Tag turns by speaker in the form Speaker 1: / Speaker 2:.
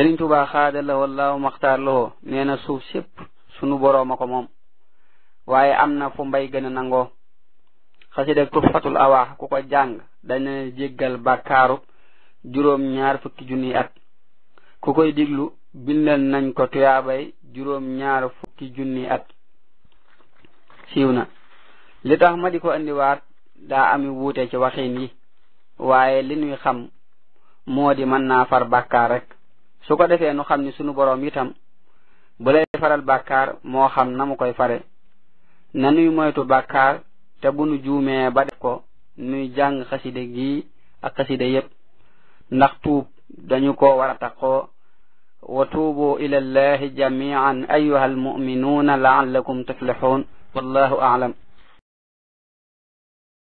Speaker 1: Sëriñ Tuubaa xaada la wallaahu maxtaar loo nee na suuf sépp sunu boroom a ko moom waaye am na fu mbay gën a nangoo xasida Tuhfatul Awaax ku ko jàng dana jéggal bàkkaaru juróom ñaar fukki junniy at ku koy diglu bindal nañ ko tuyaabay juróom ñaar fukki junniy at siiw na li tax ma di ko indiwaat ami wuute ci waxin yi waaye li ñuy xam moo di mën naa far bàkkaar rek su ko defee nu xam ni sunu borom itam bu lay faral bàkkaar moo xam na mu koy fare na nuy moytu bàkkaar te bu nu juumee ba def ko nuy jàng xaside gi ak xaside yépp ndax tuub dañu ko war a taqoo wa tuubu ila llahi jamian
Speaker 2: ayuha almuminuuna laallakum tuflixuun wallahu aalam